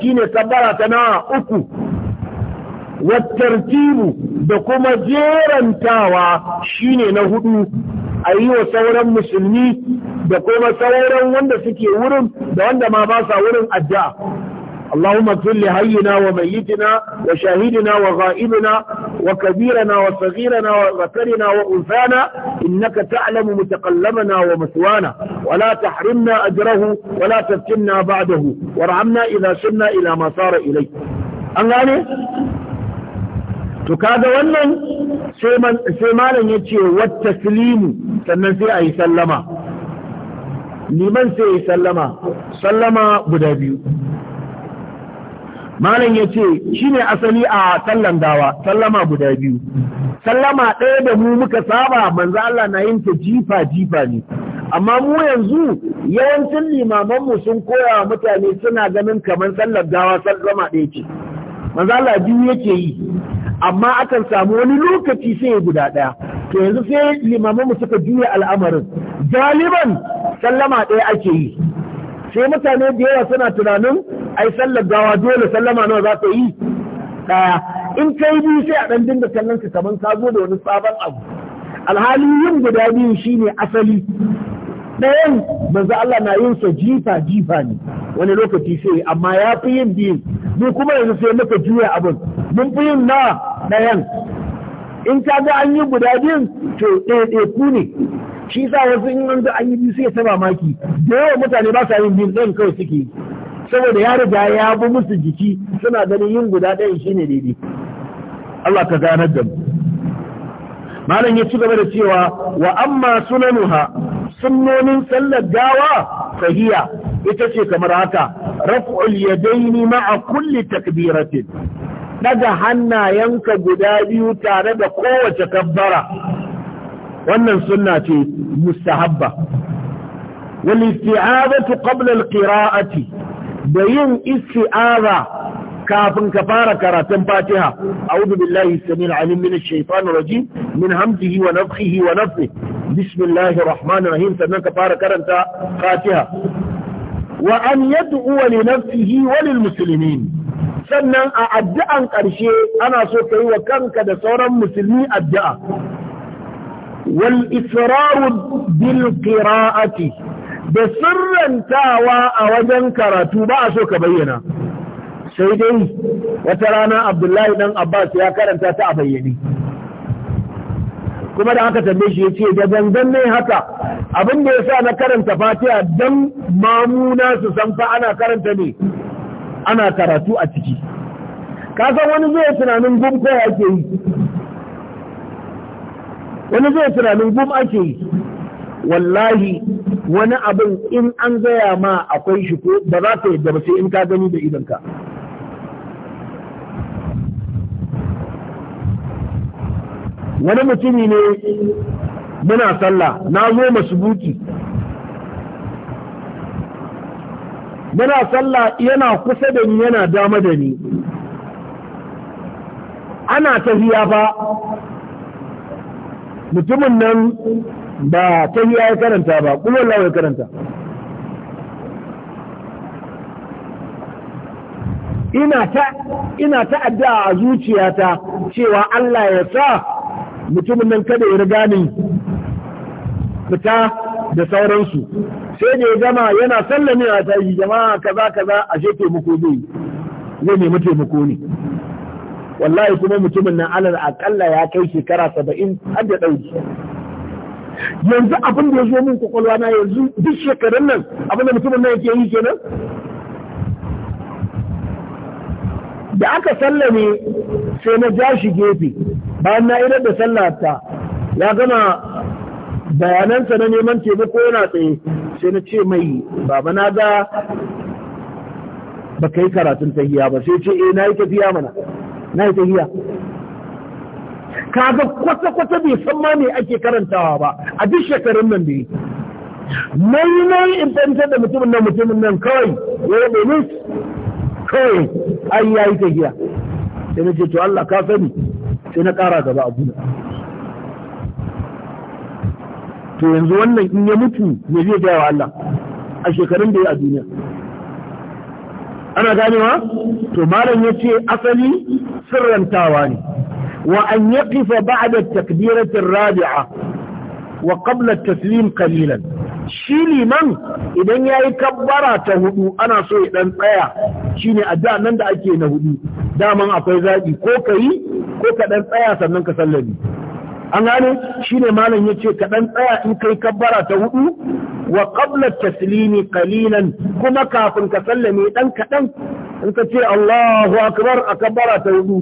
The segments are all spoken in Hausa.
shine kabbara ta nawa uku wattartibu da kuma jerantawa shine na hudu a yi wa sauran musulmi da kuma sauran wanda suke wurin da wanda ma ba sa wurin addu'a اللهم اغفر لحينا وميتنا وشاهدنا وغائبنا وكبيرنا وصغيرنا وذكرنا وأنثانا إنك تعلم متقلبنا ومثوانا ولا تحرمنا أجره ولا تفتنا بعده وارحمنا إذا سرنا إلى ما صار إليه an gane? to kaga wannan sai malam ya ce wata silimu sannan sai a yi sallama liman sai ya yi sallama sallama guda biyu malam ya ce shi ne asali a sallan gawa sallama guda biyu sallama ɗaya da mu muka saba manzo Allah na yin ta jifa jifa ne amma mu yanzu yawancin limaman mu sun koya wa mutane suna ganin kamar sallar gawa sallama ɗaya ce manzo Allah biyu yake yi amma akan samu wani lokaci sai ya guda ɗaya to yanzu sai limaman mu suka juya al'amarin galiban sallama ɗaya ake yi sai mutane da yawa suna tunanin ai sallar gawa dole sallama nawa za ta yi daya in yi biyu sai a ɗan dinga kallon ka kaman ka zo da wani sabon abu alhali yin guda biyu shine asali ɗayan manzo Allah na yin sa jifa jifa ne wani lokaci sai amma ya fi yin biyu mu kuma yanzu sai muka juya abin mun fi yin na ɗayan in ka ga an yi guda biyun to ku ne shi sa wasu in wanzu an yi biyu sai ta mamaki da yawan mutane ba sa yin biyu ɗan kawai suke saboda ya riga ya bi musu jiki suna ganin yin guda ɗayan shine daidai Allah ka ganar da mu malam ya ci gaba da cewa wa amma sunanuha sunnonin sallar gawa fahiya ita ce kamar haka raf'ul yadaini ma'a kulli takbiratin daga hannayenka guda biyu tare da kowace kabbara wannan sunna ce mustahabba wal isti'azatu qabla al qira'ati da yin isti'aza kafin ka fara karatun Fatiha a'udhu billahi samil alim min ash-shaytanir rajim min hamzihi wa nafthihi wa nafthihi bismillahir rahmanir rahim sannan ka fara karanta Fatiha wa an yad'u li nafsihi wa lil muslimin sannan a addu'an ƙarshe ana so ka yi wa kanka da sauran musulmi addu'a wal israru bil qira'ati da sirrantawa a wajen karatu ba a so ka bayyana sai dai wata rana Abdullahi dan Abbas ya karanta ta a bayyane kuma da haka tambaye shi yace da gangan ne haka abin da yasa na karanta Fatiha dan mamuna su san fa ana karanta ne ana karatu a ciki ka san wani zai tunanin gumko ake yi wani zai tunanin gum ake yi wallahi wani abin in an gaya ma akwai shi ko ba za ka yadda ba sai in ka gani da ka. wani mutumi ne muna sallah na zo masubuki muna sallah yana kusa da ni yana dama da ni ana tafiya ba mutumin nan ba ta ya karanta ba kuma Allah ya karanta ina ta ina ta addu'a a zuciyata cewa Allah ya sa mutumin nan kada ya riga ni fita da sauransu sai da ya gama yana sallamewa a yi jama'a kaza kaza a shefe muku zai zai nemi taimako ne wallahi kuma mutumin nan alal akalla ya kai shekara saba'in har da dauki yanzu abin da ya zo min kwakwalwa na yanzu duk shekarun nan abin da mutumin nan yake yi kenan da aka sallame sai na ja shi gefe bayan na idar da sallata ya gama bayanansa na neman taimako yana tsaye sai na ce mai baba na ga ba ka karatun tahiya ba sai ce eh na yi tafiya mana na yi tahiya kaga kwata-kwata bai san ma me ake karantawa ba a duk shekarun nan da yi nayi nayi in fahimtar da mutumin nan mutumin nan kawai ya yi ne kawai ai yayi ta giya sai na ce to Allah ka sani sai na kara gaba a abu to yanzu wannan in ya mutu me zai gaya wa Allah a shekarun da ya a duniya ana ganewa to malam yace asali sirrantawa ne wa an yaqifa ba'da takbirati rabi'a wa qabla taslim qalilan shi liman idan yayi kabbara ta hudu ana so ya dan tsaya shine da nan da ake na hudu daman akwai zabi ko kai ko ka dan tsaya sannan ka sallami an gane shine malam yace ka dan tsaya in kai kabbara ta hudu wa qabla taslimi qalilan kuma kafin ka sallame dan kadan in ka ce Allahu akbar akbara ta hudu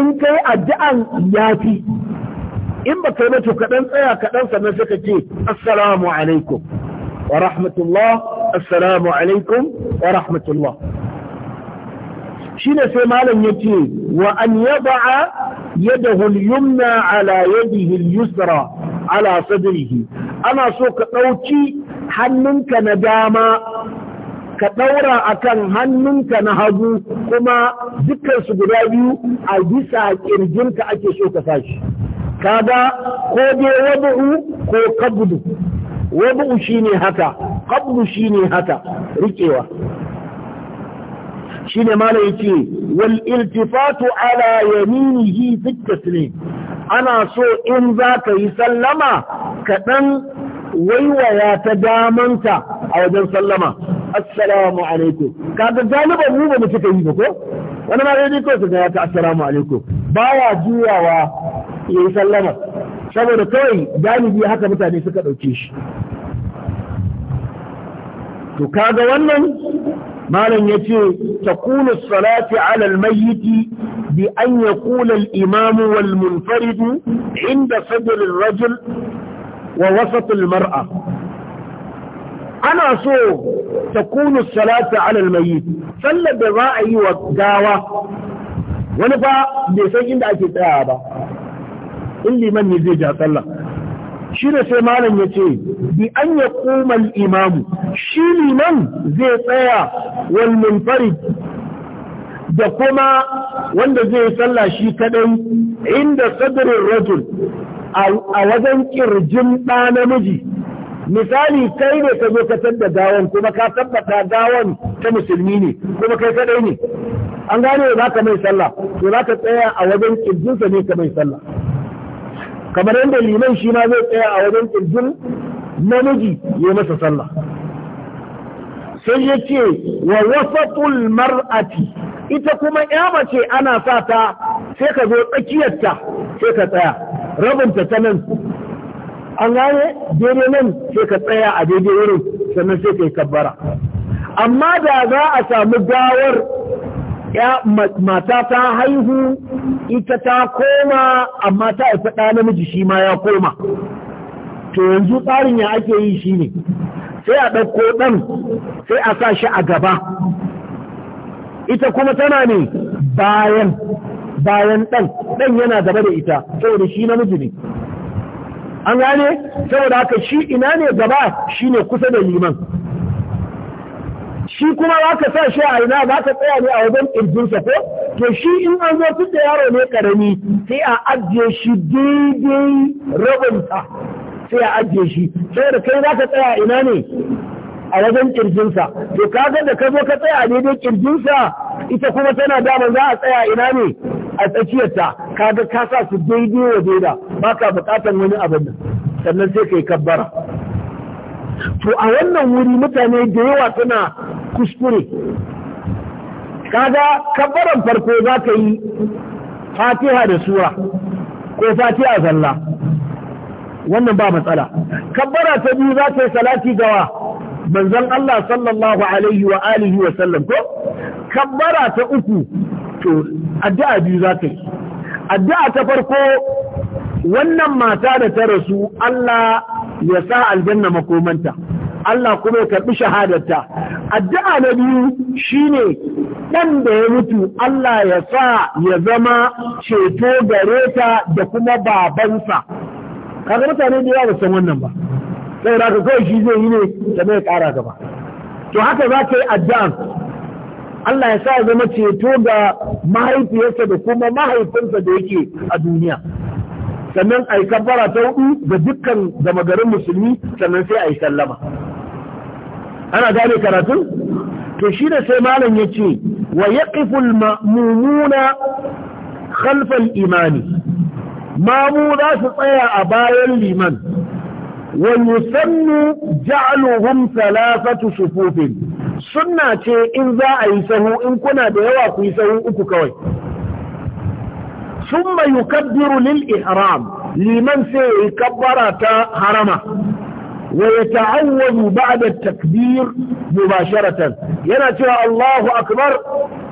in kai addu'an yafi in ba kai kaɗan tsaya kaɗan sannan suka ce assalamu alaikum wa rahmatullah assalamu alaikum wa rahmatullah shine sai malam yace wa an yada'a yadahu al-yumna ala yadihi al-yusra ala sadrihi ana so ka ɗauki hannunka na dama ka ɗaura akan hannunka na hagu kuma dukkan su guda biyu a bisa kirjinka ake so ka sashi kaga ko dai wadu'u ko kabdu wab'u shine haka kabdu shine haka riƙewa ne malam ce? wal iltifatu ala yaminihi fi ne ana so in za ka yi sallama ka waiwaya ta damanta a wajen sallama assalamu alaikum kaga galiban mu ba mu cika yi ba ko wani ma dai ko ka ga ta assalamu alaikum baya juyawa yi sallama saboda kawai galibi haka mutane suka ɗauke shi to kaga wannan malam ya ce takunu salati alal mayyiti bi an ya kula al'imamu wal inda sadirin rajul wa wasatul mar'a ana so takunu salati alal mayyiti sallar da za a yi wa gawa wani ba bai san inda ake tsaya ba in liman ne zai ja sallah shi ne sai malam ya ce bi an ya kumal imamu shi liman zai tsaya wal munfarid da kuma wanda zai sallah shi kadai inda sadrin rajul a wajen kirjin ɗa namiji misali kai ne ka zo ka tadda gawan kuma ka tabbata gawan ta musulmi ne kuma kai kadai ne an gane za ka mai sallah to za ka tsaya a wajen kirjinsa ne ka mai sallah kamar yadda liman shi ma zai tsaya a wajen ƙirjin namiji ya masa sallah sai ya ce wa wasatul mar'ati ita kuma ya mace ana sa ta sai ka zo tsakiyarta sai ka tsaya rabinta ta nan an gane daidai nan sai ka tsaya a daidai wurin sannan sai ka yi kabbara amma da za a samu gawar ya mata ta haihu ita ta koma amma ta haifi ɗa namiji shi ma ya koma to yanzu tsarin ya ake yi shi ne sai a ɗauko ɗan sai a sa shi a gaba ita kuma tana ne bayan bayan ɗan ɗan yana gaba da ita saboda shi namiji ne an gane saboda haka shi ina ne gaba shi ne kusa da liman shi kuma za ka sa shi a ina za ka tsaya ne a wajen ƙirjinsa ko to shi in an zo tun da yaro ne ƙarami, sai a ajiye shi daidai rabinta sai a ajiye shi sai da kai za ka tsaya ina ne a wajen ƙirjinsa to ka ga da ka zo ka tsaya a daidai ƙirjinsa ita kuma tana daman za a tsaya ina ne a tsakiyarta Ka ga ka sa su daidai wa daida ba ka buƙatar wani abin nan sannan sai ka yi kabbara to a wannan wuri mutane da yawa suna kuskure kaga kabbaran farko za ka yi fatiha da sura ko fatiha zalla wannan ba matsala kabbara ta biyu za ta yi salati gawa manzon Allah sallallahu alaihi wa alihi wa sallam ko kabbara ta uku to addu'a biyu za ka yi addu'a ta farko wannan mata da ta rasu Allah ya sa aljanna makomanta Allah kuma ya karɓi shahadarta addu'a na biyu shi ne ɗan da ya mutu Allah ya sa ya zama ceto gare ta da kuma babansa kaga mutane da ya ba wannan ba sai da kawai shi zai yi ne da mai ƙara gaba to haka za ka yi addu'a Allah ya sa ya zama ceto ga mahaifiyarsa da kuma mahaifinsa da yake a duniya sannan a yi kabbara ta hudu ga dukkan gama garin musulmi sannan sai a yi sallama ana gane karatun to shi da sai malam ya ce wa yaqiful mummuna khalfal imani mamu za su tsaya a bayan liman wa yusannu ja'aluhum thalathatu sufufin sunna ce in za a yi sahu in kuna da yawa ku yi sahu uku kawai summa yukabbiru lil ihram liman sai ya kabbara ta harama ويتعوذ بعد التكبير مباشرة ينا ترى الله أكبر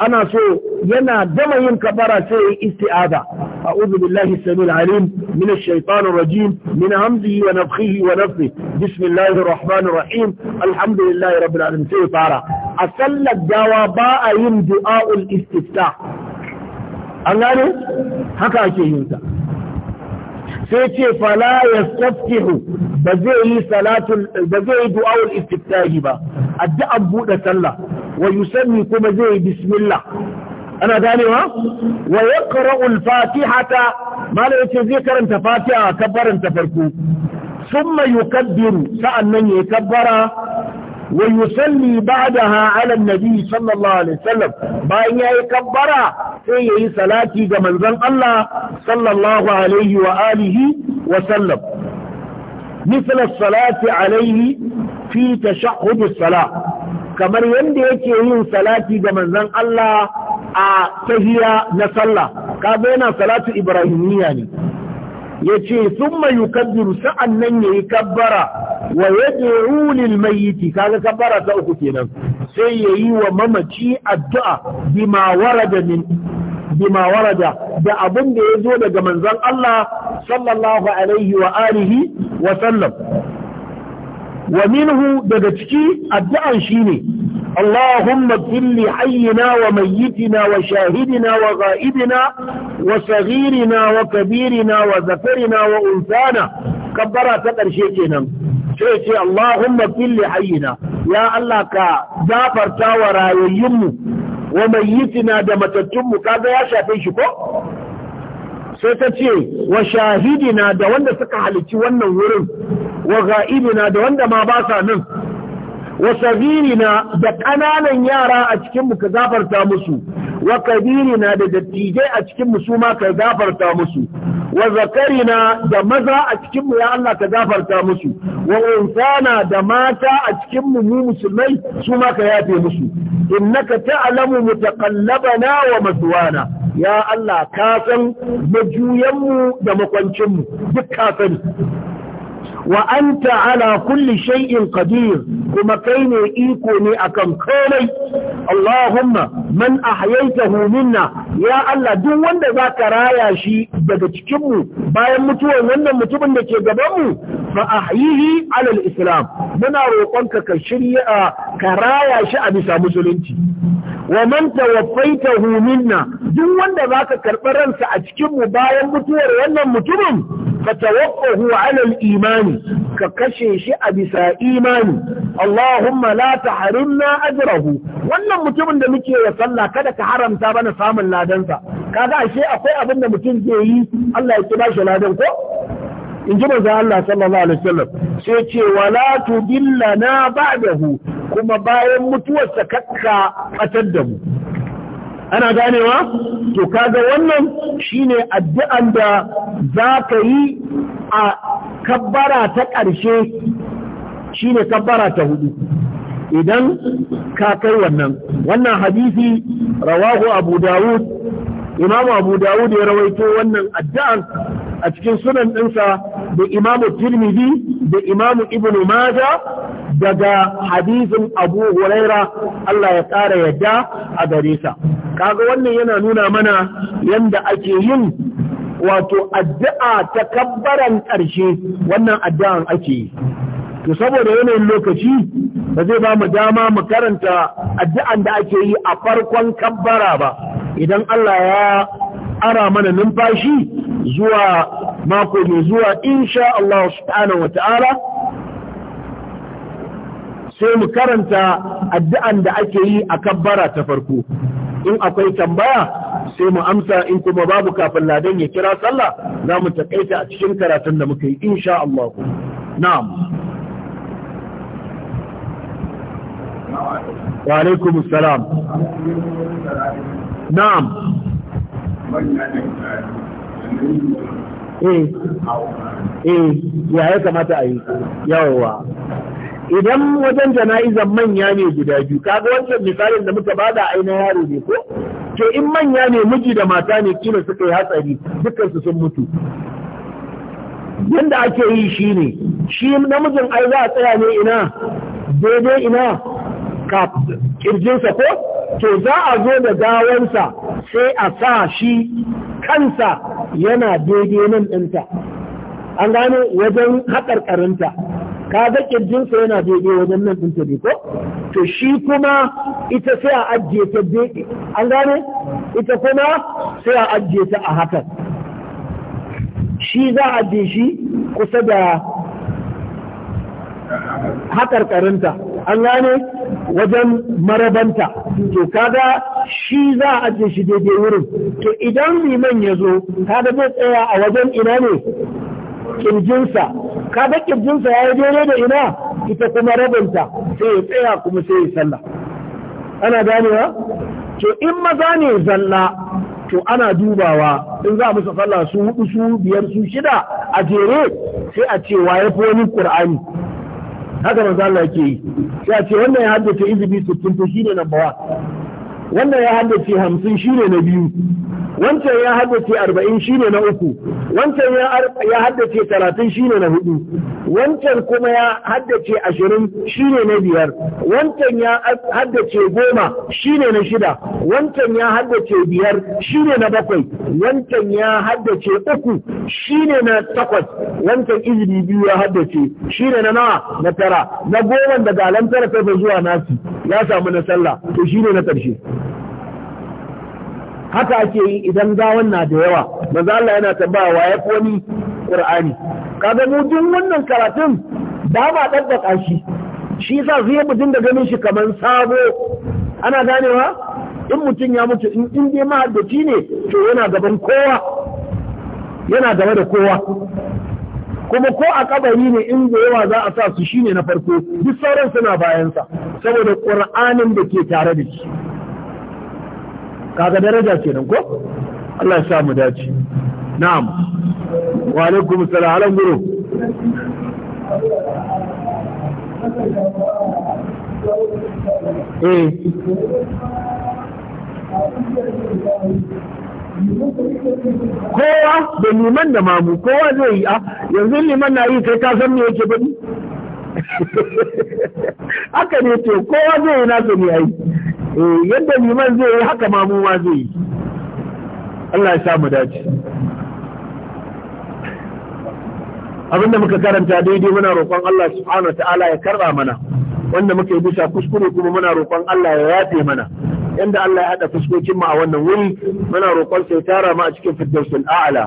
أنا سوء ينا دم ينكبر سوء استعادة أعوذ بالله السميع العليم من الشيطان الرجيم من همزه ونفخه ونفخه بسم الله الرحمن الرحيم الحمد لله رب العالمين سي طارة أسل الدواباء يمدعاء الاستفتاح أنا هكا شيء sai ce fala yastaftihu ba zai yi salatul ba zai yi du'aul istiftahi ba Addu'a bude sallah wa yusanni kuma zai yi bismillah ana ganewa wa yaqra'u al-fatihata malai yace zai karanta fatiha kabbaran ta farko thumma yukabbiru sa'annan ya kabbara wa yusalli ba'daha 'ala an-nabi sallallahu alaihi wasallam bayan yayi kabbara sai ya yi salati ga manzon Allah sallallahu alaihi wa alihi wa sallam misal salati alaihi fi tashahhud Sala), kamar yadda yake yin salati ga manzon Allah a tahiya na sallah kaga yana salatu ibrahimiyya ne yace thumma yukabbiru sa'an nan yayi kabbara wa yad'u lil mayyit kaga kabbara ta uku kenan sai ya yi wa mamaci addu'a bima da min bima warada da abinda ya zo daga manzon Allah sallallahu alaihi wa alihi wa sallam wa minhu daga ciki addu'an shine Allahumma kulli hayyina wa mayyitina wa shahidina wa ghaibina wa saghirina wa kabirina wa zakarina wa unsana kabbara ta ƙarshe kenan sai ce Allahumma kulli hayyina ya Allah ka dafarta wa rayayyunmu wa na da matattunmu kaga ya shafe shi ko sai ta ce wa shahidina da wanda suka halici wannan wurin wa ga'ibina da wanda ma ba sa nan wa sabirina da ƙananan yara a cikin mu ka gafarta musu wa kabirina da dattijai a cikin mu su ma ka gafarta musu wa zakarina da maza a cikin mu ya Allah ka gafarta musu wa unsana da mata a cikin mu mu musulmai su ma ka yafe musu innaka ta'lamu mutaqallabana wa maswana ya Allah ka san majuyan mu da makwancin mu duk ka sani wa anta ala kulli shay'in qadir kuma kai ne iko ne akan komai Allahumma man ahyaytahu minna ya Allah duk wanda zaka raya shi daga cikin mu bayan mutuwar wannan mutumin da ke gaban mu fa ahyihi ala islam muna roƙonka ka shirya ka raya shi a bisa musulunci wa man tawaffaitahu minna duk wanda zaka karɓi ransa a cikin mu bayan mutuwar wannan mutumin alal imani, فتوقه على الإيمان ككشيش أبسا إيمان اللهم لا تحرمنا أجره wannan mutumin da muke ya sallah kada ka haramta bana samun ladansa Ka ga ashe akwai abin da mutum zai yi Allah ya kira shi ladan ko in ji manzo Allah sallallahu alaihi wasallam sai ce wala tudillana ba'dahu kuma bayan mutuwarsa kakka batar da mu ana ganewa to kaga wannan shine addu'an da za ka yi a kabbara ta ƙarshe shine kabbara ta hudu idan ka kai wannan wannan hadisi rawahu abu dawud imamu abu dawud ya rawaito wannan addu'an a cikin sunan ɗinsa da imamu tirmidhi da imamu ibnu maja daga hadisin abu huraira Allah ya ƙara yadda a gare sa kaga wannan yana nuna mana yanda ake yin wato addu'a ta kabbaran ƙarshe wannan addu'an ake yi to saboda yanayin lokaci ba zai ba mu dama mu karanta addu'an da ake yi a farkon kabbara ba idan Allah ya ara mana numfashi zuwa mako mai zuwa insha Allah subhanahu wa ta'ala sai mu karanta addu'an da ake yi a kabbara ta farko in akwai tambaya sai mu amsa in kuma babu kafin ladan ya kira sallah za mu takaita a cikin karatun da muka yi insha Allah na'am wa alaikum salam na'am eh eh ya kamata a yi yawa idan wajen jana'izar manya ne guda biyu kaga wancan misalin da muka bada aina yaro ne ko to in manya ne miji da mata ne kila suka yi hatsari dukkan su sun mutu yanda ake yi shi ne shi namijin ai za a tsaya ne ina daidai ina ka kirjinsa ko to za a zo da gawansa sai a sa shi kansa yana daidai nan ɗinta an gane wajen haƙarƙarinta Ka ga kirjinsa yana daidai wajen nan ɗin tabi ko to shi kuma ita sai a ajiye ta daidai an gane ita kuma sai a ajiye ta a hakan shi za a ajiye shi kusa da haƙarƙarinta an gane wajen marabanta to kaga shi za a ajiye shi daidai wurin to idan liman ya zo kaga zai tsaya a wajen ina ne kirjinsa ka ga kirjinsa ya yi dole da ina ita kuma rabinta sai ya tsaya kuma sai ya sallah ana ganewa to in maza ne zalla to ana dubawa in za musu sallah su hudu su biyar su shida a jere sai a ce waye fi wani qur'ani haka manzo Allah yake yi sai a ce wannan ya haddace izibi 60 to shine na bawa wannan ya haddace 50 shine na biyu wancan ya haddace arba'in shine na uku wancan ya haddace talatin shine na hudu wancan kuma ya haddace ashirin shine na biyar wancan ya haddace goma shine na shida wancan ya haddace biyar shine na bakwai wancan ya haddace uku shine na takwas wancan izini biyu ya haddace shine na nawa na tara na goma daga alamtar sai zuwa nasi ya samu na sallah to shine na ƙarshe haka ake yi idan gawan na da yawa manzo Allah yana tambaya wa ya wani ƙur'ani. kaga mu wannan karatun ba ma daddaka shi shi yasa zai mu dinga ganin shi kamar sabo ana ganewa in mutum ya mutu in in dai mahaddaci ne to yana gaban kowa yana gaba da kowa kuma ko a kabari ne in da yawa za a sa su shine na farko duk sauran suna bayansa saboda ƙur'anin da ke tare da shi kaga daraja kenan ko Allah ya sa mu dace na'am wa alaikum salam guru eh kowa da liman da mamu kowa zai yi a ah, yanzu liman na yi kai ka san me yake faɗi haka ne to kowa zai yi nasa ne ai eh yadda liman zai yi haka mamu ma zai yi Allah ya sa mu dace abinda muka karanta daidai muna roƙon Allah subhanahu ta'ala ya karba mana wanda muka yi bisa kuskure kuma muna roƙon Allah ya yafe mana yanda Allah ya haɗa fuskokin mu a wannan wuri muna roƙon sai tara mu a cikin firdausul a'la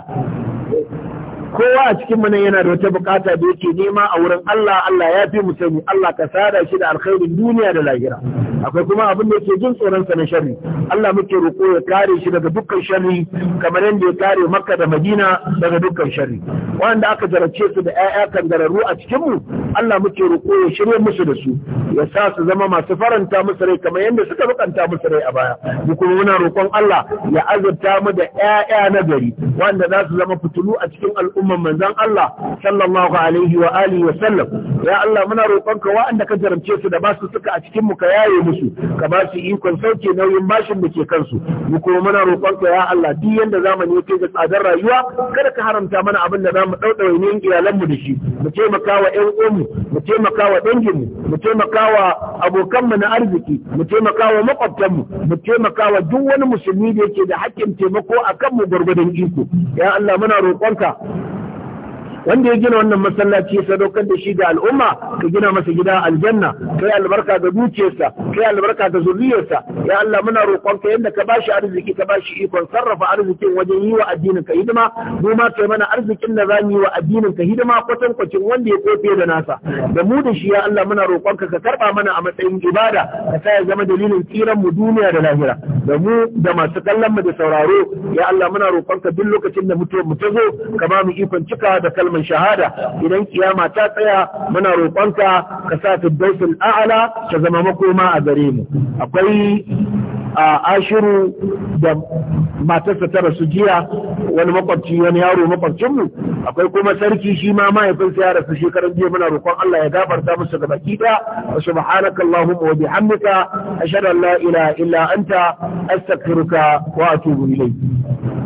kowa a cikin mu yana da wata bukata da yake nema a wurin Allah Allah ya fi mu sani Allah ka sada shi da alkhairin duniya da lahira akwai kuma abin da yake jin tsoron sa na sharri Allah muke roƙo ya kare shi daga dukkan sharri kamar yadda ya kare Makka da Madina daga dukkan sharri wanda aka jarace su da ƴaƴa kangararru a cikin mu Allah muke roƙo ya shirye musu da su ya sa su zama masu faranta musu rai kamar yadda suka bukanta musu rai a baya mu kuma muna roƙon Allah ya azurta mu da ƴaƴa na gari wanda za su zama fitulu a cikin al'umman manzon Allah sallallahu alaihi wa alihi wa sallam ya Allah muna roƙon ka wa'anda ka jarumce su da basu suka a cikin mu ka yaye musu ka ba su ikon sauke nauyin bashin da ke kansu mu kuma muna roƙon ka ya Allah duk yanda zamani ya kai ga tsadar rayuwa kada ka haramta mana abin da za mu ɗauɗaure ne iyalanmu da shi mu taimaka wa ƴan uwanmu mu taimaka wa danginmu mu taimaka wa abokanmu na arziki mu taimaka wa makwabtanmu mu taimaka wa duk wani musulmi da yake da haƙƙin taimako akan mu gwargwadon iko ya Allah muna roƙonka wanda ya gina wannan masallaci ya sadaukar da shi ga al'umma ka gina masa gida aljanna kai albarka ga dukiyarsa kai albarka ga zuriyarsa ya Allah muna roƙonka yadda ka bashi arziki ka bashi ikon sarrafa arzikin wajen yi wa addinin ka hidima mu ma kai mana arzikin da zamu yi wa addinin ka hidima kwatan kwacin wanda ya kofe da nasa da mu da shi ya Allah muna roƙonka ka karba mana a matsayin ibada ka sa ya zama dalilin tsiran mu duniya da lahira da mu da masu kallon mu da sauraro ya Allah muna roƙonka duk lokacin da mutuwar mu ta zo ka ba mu ikon cika da kalman shahada idan kiyama ta tsaya muna roƙonka ka sa firdausul a'ala ta zama makoma a gare mu akwai A ashiru da matarsa ta rasu jiya wani makwabci wani yaro makwabcinmu akwai kuma sarki shi ma mahaifinsa ya rasu shekaran jiya muna roƙon Allah ya gafarta musu ga ki da wa subhanaka allahumma wa bihamdika ashhadu an la ilaha illa anta astaghfiruka wa atubu ilayk